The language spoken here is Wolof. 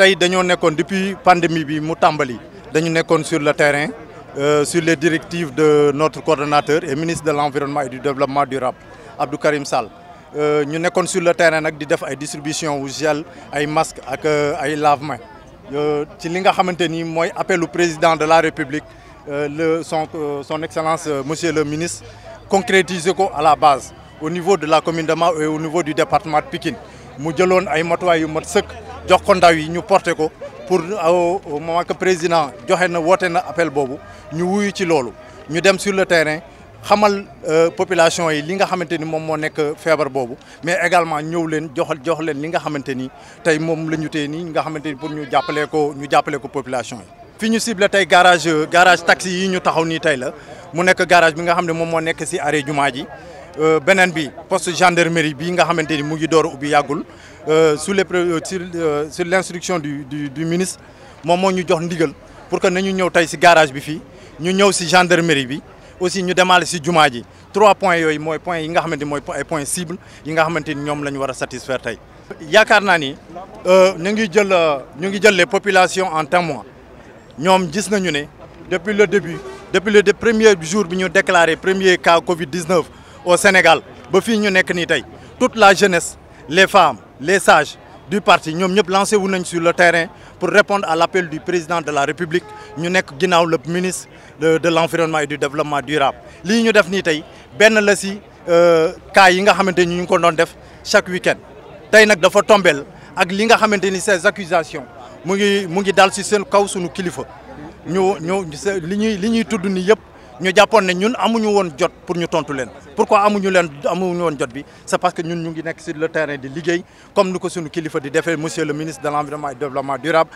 Depuis la depuis pandémie nous sommes sur le terrain euh, sur les directives de notre coordonnateur et ministre de l'environnement et du développement durable Abdou Karim Sall euh, Nous sommes sur le terrain avec di def ay distribution gel ay masques et euh, ay lave-mains ci li nga xamante président de la République son excellence monsieur le ministre concrétiser à la base au niveau de la commune de Mbao et au niveau du département de Pikine nous avons ay matuwaay yu mat jox ko ndaw yi ñu porter ko pour au moment que président joxe na woté na appel bobu ñu wuyu ci lolu ñu dem sur le terrain xamal euh, population yi li nga xamanteni mom mo nek fièvre bobu mais également ñew leen joxal jox leen li nga xamanteni ni mom lañu la ñu nga xamanteni pour ñu jàppale ko ñu jàppale ko population yi. fi ñu ciblé tay garage garage taxi yi ñu taxaw ni tay la mu nek garage bi nga xam mom mo nek ci si arrêt jumaa euh, benen bi poste gendarmerie bi nga xamanteni mu ngi door ubi yagul euh, sous les euh, sur l'instruction du du du ministre mom mo ñu jox ndigal pour que nañu ñew tay ci garage bi fi ñu ñew ci gendarmerie bi aussi ñu démal si jumaa ji trois points yoy moy points yi nga xamanteni moy ay points cible yi nga xamanteni ñom lañu wara satisfaire tay yaakaar naa ni ñu ngi jël ñu ngi jël les populations en témoin ñom gis nañu ne depuis le début depuis le premier jour bi ñu déclaré premier cas Covid 19 au Sénégal toute la jeunesse les femmes les sages du parti nous ñëpp lancé sur le terrain pour répondre à l'appel du président de la République Nous sommes le ministre de l'environnement et du développement durable Ce ñu def nii la euh, cas yi nga nous, chaque week-end nous, dafa tomber nous, ces accusations nous, ngi mu ngi nous, nous, avons kaw suñu kilifa ñu jàppoon ne ñun amuñu won jot pour ñu tontu leen pourquoi amuñu leen amuñu won jot bi c'est parce que ñun ñu ngi nek sur le terrain di liguey comme ni suñu kilifa di défé monsieur le ministre de l'environnement et développement durable